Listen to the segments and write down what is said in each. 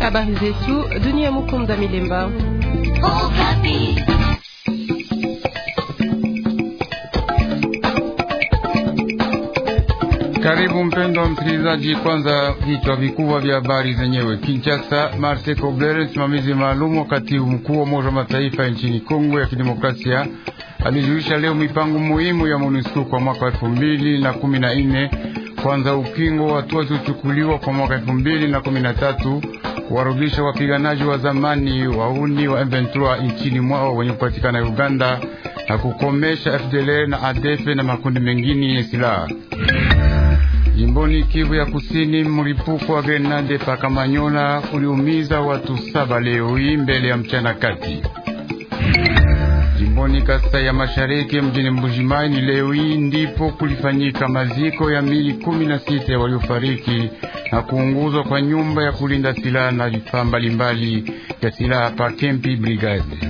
Habari zetu dunia. Mukunda Milemba. Okapi. Karibu mpendo wa msikilizaji. Kwanza vichwa vikubwa vya habari zenyewe. Kinshasa, Marse Kobler, msimamizi maalumu wakati mkuu wa Umoja wa Mataifa nchini Kongo ya Kidemokrasia, alijulisha leo mipango muhimu ya MONUSCO kwa mwaka wa elfu mbili na kumi na nne kwanza ukingo, wa hatua zilichukuliwa kwa mwaka elfu mbili na kumi na tatu kuwarudisha wapiganaji wa zamani wauni wa M23 nchini mwao wenye kupatikana Uganda na kukomesha FDLR na ADF na makundi mengine yenye silaha jimboni Kivu ya Kusini. Mlipuko wa grenade pakamanyola uliumiza watu saba leo hii mbele ya mchana kati jimboni Kasai ya Mashariki mjini Mbujimai ni leo hii ndipo kulifanyika maziko ya mili kumi na sita waliofariki na kuunguzwa kwa nyumba ya kulinda silaha na vifaa mbalimbali vya silaha pa Kempi Brigade.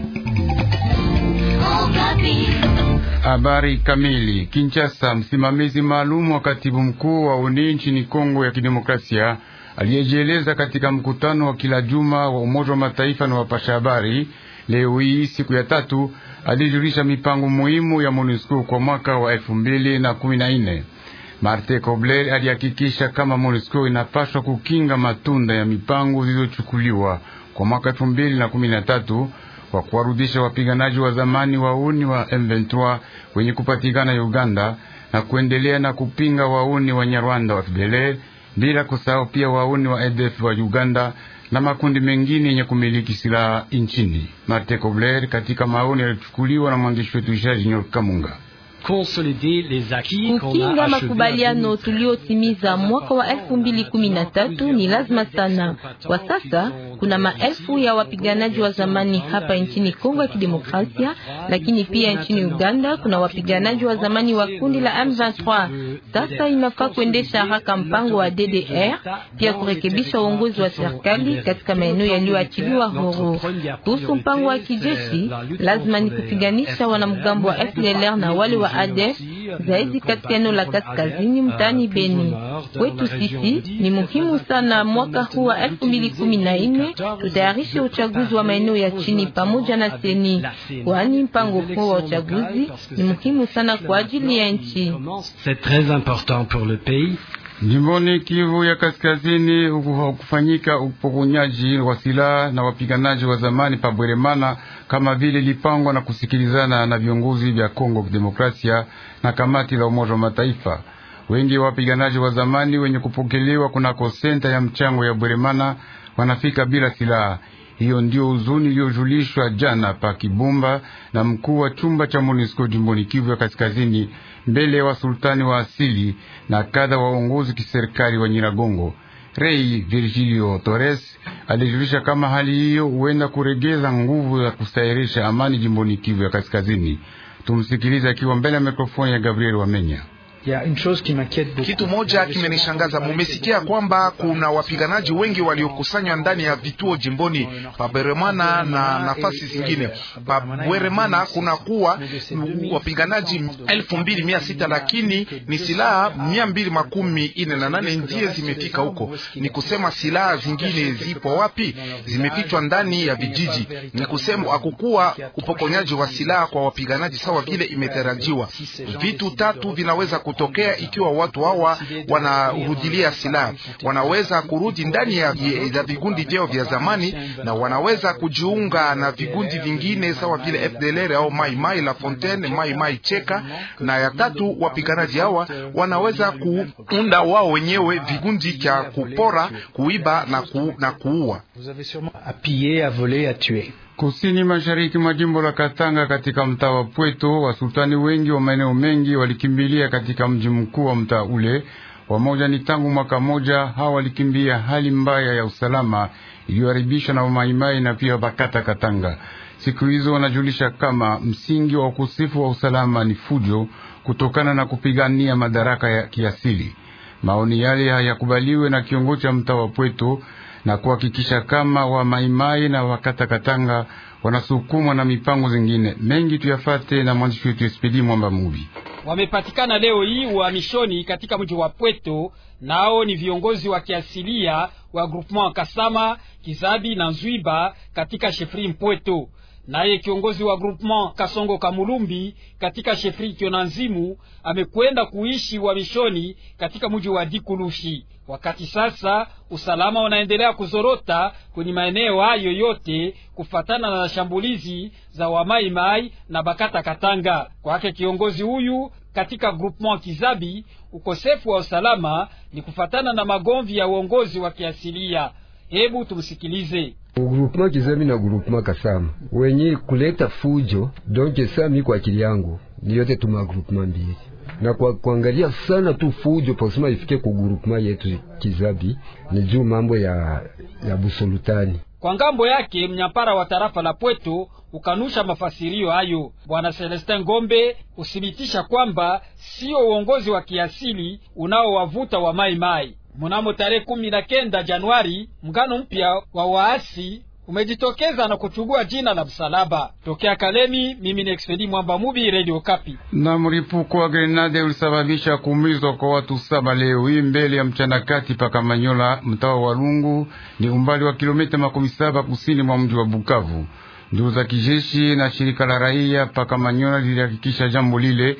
Habari kamili. Kinshasa, msimamizi maalum wa katibu mkuu wa UNI nchini Kongo ya Kidemokrasia aliyejieleza katika mkutano wa kila juma wa Umoja wa Mataifa na wapasha habari leo hii siku ya tatu alijulisha mipango muhimu ya MONUSCO kwa mwaka wa elfu mbili na kumi na nne. Marte Kobler alihakikisha kama MONUSCO inapaswa kukinga matunda ya mipango zilizochukuliwa kwa mwaka elfu mbili na kumi na tatu kwa kuwarudisha wapiganaji wa zamani wauni wa M23 wenye kupatikana Uganda na kuendelea na kupinga wauni wa Nyarwanda wa FDLR bila kusahau pia wauni wa ADF wa Uganda na makundi mengine yenye kumiliki silaha nchini. Marte Kobler katika maoni yalichukuliwa na mwandishi wetu Junior Kamunga kupinga makubaliano tuliotimiza mwaka wa elfu mbili kumi na tatu ni lazima sana. Kwa sasa kuna maelfu ya wapiganaji wa zamani hapa nchini Kongo ya Kidemokrasia, lakini pia nchini Uganda kuna wapiganaji wa zamani wa kundi la M23. Sasa inafaa kuendesha haraka mpango wa DDR, pia kurekebisha uongozi wa serikali katika maeneo yaliyoachiliwa huru. Kuhusu mpango wa kijeshi, lazima ni kupiganisha wanamgambo wa FDLR na wale wa wa ADF zaidi katika eneo la kaskazini mtaani Beni. Kwetu sisi ni muhimu sana mwaka huu wa 2014 tutayarishe uchaguzi wa maeneo ya chini pamoja na seni, kwani mpango huo wa uchaguzi ni muhimu sana kwa ajili ya nchi. Jimboni Kivu ya Kaskazini ukufanyika upokonyaji wa silaha na wapiganaji wa zamani pa bweremana kama vile lipangwa na kusikilizana na viongozi vya Kongo Demokrasia na kamati la Umoja wa Mataifa. Wengi wa wapiganaji wa zamani wenye kupokelewa kunako senta ya mchango ya Bweremana wanafika bila silaha. Hiyo ndio huzuni iliyojulishwa jana pa Kibumba na mkuu wa chumba cha MONUSCO jimboni Kivu ya Kaskazini, mbele ya wa wasultani wa asili na kadha waongozi kiserikali wa Nyiragongo rei Virgilio Torres alijulisha kama hali hiyo huenda kuregeza nguvu ya kustahirisha amani jimboni Kivu ya Kaskazini. Tumsikilize akiwa mbele ya mikrofoni ya Gabriel Wamenya. Kitu moja kimenishangaza, mumesikia kwamba kuna wapiganaji wengi waliokusanywa ndani ya vituo jimboni Paberemana na nafasi zingine. Paberemana kuna kuwa wapiganaji elfu mbili mia sita lakini ni silaha mia mbili makumi ine na nane ndiye zimefika huko. Ni kusema silaha zingine zipo wapi? Zimefichwa ndani ya vijiji. Ni kusema hakukuwa upokonyaji wa silaha kwa wapiganaji sawa vile imetarajiwa. Vitu tatu vinaweza kutokea ikiwa watu hawa wanarudilia silaha. Wanaweza kurudi ndani ya, ya vikundi vyao vya zamani na wanaweza kujiunga na vikundi vingine sawa vile FDLR au Mai Mai La Fontaine, Mai Mai Cheka. Na ya tatu, wapiganaji hawa wanaweza kuunda wao wenyewe vikundi cha kupora, kuiba na, ku, na kuua. Kusini mashariki mwa jimbo la Katanga katika mtaa wa Pweto, wasultani wengi wa maeneo mengi walikimbilia katika mji mkuu wa mtaa ule. Wamoja ni tangu mwaka moja, hao walikimbia hali mbaya ya usalama iliyoharibishwa na wamaimai na pia bakata Katanga. Siku hizo wanajulisha kama msingi wa ukosefu wa usalama ni fujo, kutokana na kupigania madaraka ya kiasili. Maoni yale hayakubaliwe na kiongozi cha mtaa wa Pweto na kuhakikisha kama wa maimai na wakatakatanga wanasukumwa na mipango zingine mengi. Tuyafate na mwandishi wetu Espedi Mwamba Mubi. Wamepatikana leo hii uhamishoni katika mji wa Pweto, nao ni viongozi wa kiasilia wa groupement Kasama, Kizabi na Nzwiba katika shefri Mpweto. Naye kiongozi wa groupement Kasongo Kamulumbi katika shefri Kionanzimu amekwenda kuishi wa mishoni katika mji wa Dikulushi. Wakati sasa usalama unaendelea kuzorota kwenye maeneo hayo yote kufatana na shambulizi za wamaimai na bakata katanga. Kwake kiongozi huyu katika groupement Kizabi, ukosefu wa usalama ni kufatana na magomvi ya uongozi wa kiasilia. Hebu tusikilize. Ugrupema Kizami na ugrupema Kasama wenye kuleta fujo donke sami kwa akili yangu ni yote tuma grupema mbili na kwa kuangalia sana tu fujo posema ifike ku yetu Kizabi ni juu mambo ya, ya busolutani. Kwa ngambo yake mnyampara wa tarafa la Pweto ukanusha mafasirio hayo. Bwana Celestin Ngombe usibitisha kwamba sio uongozi wa kiasili unaowavuta wa mai mai Mnamo tarehe kumi na kenda Januari, mgano mpya wa waasi umejitokeza na kuchugua jina la msalaba. Tokea Kalemi, mimi ni Expedi Mwamba Mubi, Radio Kapi. Na mlipuko wa grenade ulisababisha kuumizwa kwa watu saba leo hii mbele ya mchana kati paka Manyola, mtawa wa Lungu, ni umbali wa kilomita makumi saba kusini mwa mji wa Bukavu. Ndugu za kijeshi na shirika la raia paka Manyola lilihakikisha jambo lile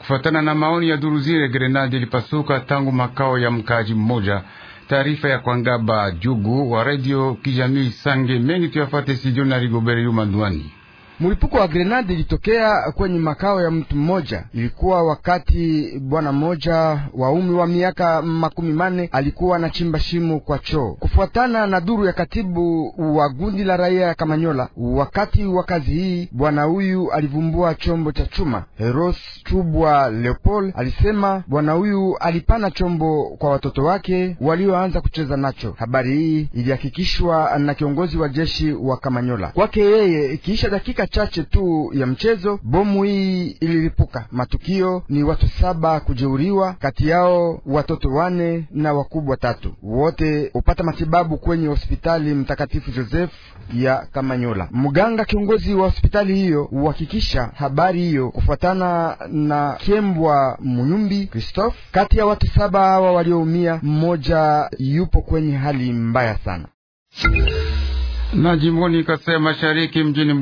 kufatana na maoni ya duru zile, grenade ilipasuka tangu makao ya mkaji mmoja. Taarifa ya Kwangaba Jugu wa redio kijamii Sange mengi tuyafate sijoni na Rigobert Yuma Ndwani. Mlipuko wa grenade ilitokea kwenye makao ya mtu mmoja. Ilikuwa wakati bwana mmoja wa umri wa miaka makumi mane alikuwa anachimba shimo kwa choo. Kufuatana na duru ya katibu wa gundi la raia ya Kamanyola, wakati wa kazi hii bwana huyu alivumbua chombo cha chuma. heros Chubwa Leopold alisema bwana huyu alipana chombo kwa watoto wake walioanza kucheza nacho. Habari hii ilihakikishwa na kiongozi wa jeshi wa Kamanyola. Kwake yeye, ikiisha dakika chache tu ya mchezo bomu hii ililipuka. Matukio ni watu saba kujeuriwa, kati yao watoto wane na wakubwa tatu, wote hupata matibabu kwenye hospitali Mtakatifu Joseph ya Kamanyola. Mganga kiongozi wa hospitali hiyo huhakikisha habari hiyo kufuatana na Kembwa munyumbi Christophe. Kati ya watu saba hawa walioumia, mmoja yupo kwenye hali mbaya sana na jimboni Kasai Mashariki mjini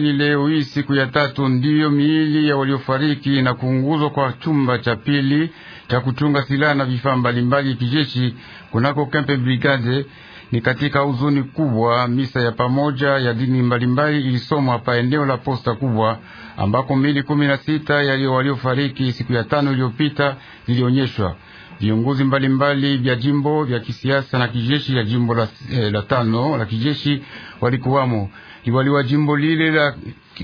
ni leo hii siku ya tatu, ndiyo miili ya waliofariki na kuunguzwa kwa chumba cha pili cha kuchunga silaha na vifaa mbalimbali kijeshi kunako Kempe Brigade. Ni katika huzuni kubwa, misa ya pamoja ya dini mbalimbali ilisomwa hapa eneo la posta kubwa, ambako miili kumi na sita ya waliofariki siku ya tano iliyopita ilionyeshwa. Viongozi mbalimbali vya jimbo vya kisiasa na kijeshi ya jimbo la, eh, la tano la kijeshi walikuwamo. Liwali wa jimbo lile la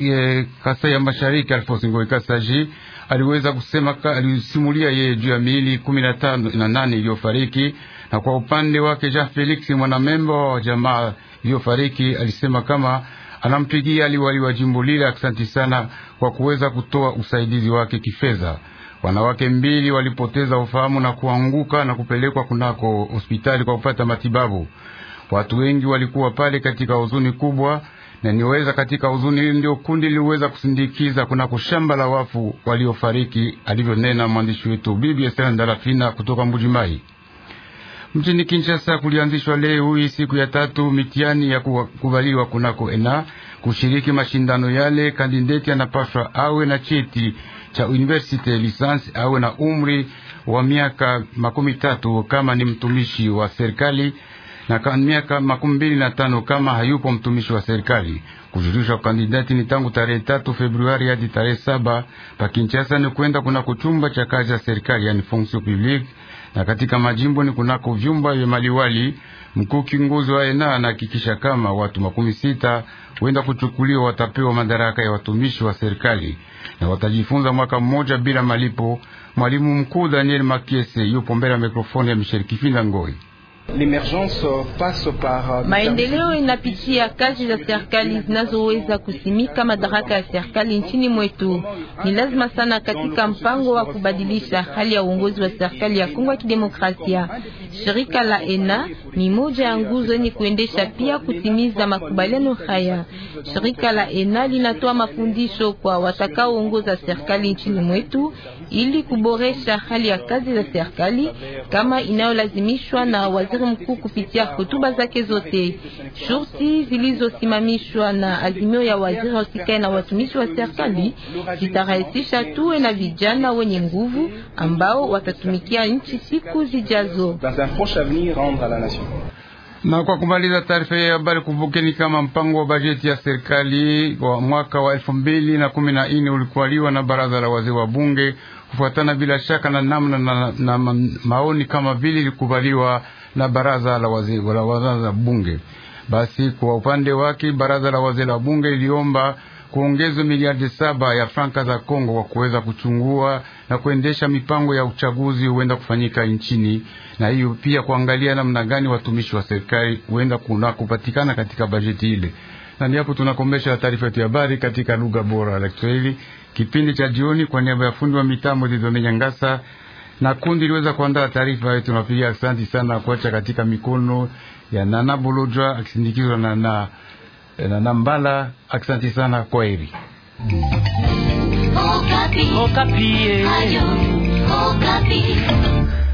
eh, Kasai ya Mashariki Alphonse Kasaji aliweza kusema, alisimulia yeye juu ya miili kumi na tano na nane iliyofariki, na kwa upande wake Jean Felix mwanamemba wa jamaa iliyofariki alisema kama anampigia liwali wa jimbo lile asanti sana kwa kuweza kutoa usaidizi wake kifedha. Wanawake mbili walipoteza ufahamu na kuanguka na kupelekwa kunako hospitali kwa kupata matibabu. Watu wengi walikuwa pale katika huzuni kubwa, na niweza katika huzuni hiyo ndio kundi liliweza kusindikiza kunako shamba la wafu waliofariki, alivyonena mwandishi wetu Bibi Esther Ndalafina kutoka Mbujimai. Mjini Kinshasa kulianzishwa leo hii siku ya tatu mitihani ya kukubaliwa kunako ENA kushiriki mashindano yale. Kandideti anapaswa awe na cheti cha university license awe na umri wa miaka makumi tatu kama ni mtumishi wa serikali na miaka makumi mbili na tano kama hayupo mtumishi wa serikali. Kujulishwa kandidati ni tangu tarehe tatu Februari hadi tarehe saba pa Kinshasa, ni kwenda kunako chumba cha kazi ya serikali, yani fonction publique, na katika majimbo ni kunako vyumba vya maliwali mkuu. Kiongozi wa ena anahakikisha kama watu makumi sita wenda kuchukuliwa watapewa madaraka ya watumishi wa serikali na watajifunza mwaka mmoja bila malipo. Mwalimu mkuu Daniel Makiese yupo mbele ya mikrofoni ya Michel Kifinda Ngoi. Euh, Maendeleo inapitia kazi za serikali zinazoweza kusimika madaraka ya serikali nchini mwetu. Ni lazima sana katika mpango wa kubadilisha hali ya uongozi wa serikali ya Kongo ya Kidemokrasia. Shirika la ENA ni moja ya nguzo yenye kuendesha pia kutimiza makubaliano haya. Shirika la ENA linatoa mafundisho kwa watakaoongoza serikali nchini mwetu ili kuboresha hali ya kazi za serikali kama inayolazimishwa na waziri waziri mkuu kupitia hotuba zake zote. Shurti zilizosimamishwa na azimio ya waziri husikae na watumishi wa serikali zitarahisisha tuwe na vijana wenye nguvu ambao watatumikia nchi siku zijazo. Na kwa kumaliza taarifa ya habari, kumbukeni kama mpango wa bajeti ya serikali wa mwaka wa elfu mbili na kumi na nne ulikubaliwa na baraza la wazee wa bunge kufuatana bila shaka na namna na, na, na maoni kama vile ilikubaliwa na baraza la wazee la baraza bunge. Basi kwa upande wake baraza la wazee la bunge liliomba kuongeza miliardi saba ya franka za Kongo kwa kuweza kuchungua na kuendesha mipango ya uchaguzi huenda kufanyika nchini, na hiyo pia kuangalia namna gani watumishi wa serikali huenda kuna kupatikana katika bajeti ile. Na ndipo tunakomesha taarifa yetu ya habari katika lugha bora la Kiswahili, kipindi cha jioni. Kwa niaba ya fundi wa mitambo Didone Nyangasa na kundi liweza kuandaa taarifa yetu. Tunapiga asanti sana kuacha katika mikono ya Nana Bolojwa akisindikizwa na na Nana Mbala. akisanti sana, kwa heri. Okapi. Okapi. Eh.